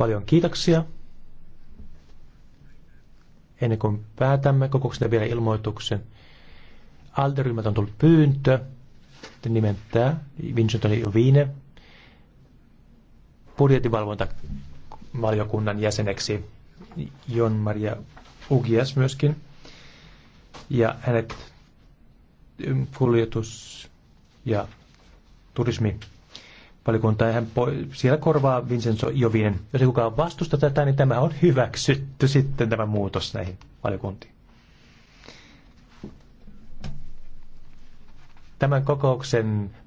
Paljon kiitoksia. Ennen kuin päätämme kokouksen vielä ilmoituksen. Alderyhmät on tullut pyyntö nimentää Vincent Viine budjetinvalvontavaliokunnan jäseneksi Jon Maria Ugias myöskin. Ja hänet kuljetus- ja turismi valiokunta ja hän siellä korvaa Vincenzo Jovinen. Jos ei kukaan vastusta tätä, niin tämä on hyväksytty sitten tämä muutos näihin valiokuntiin. Tämän kokouksen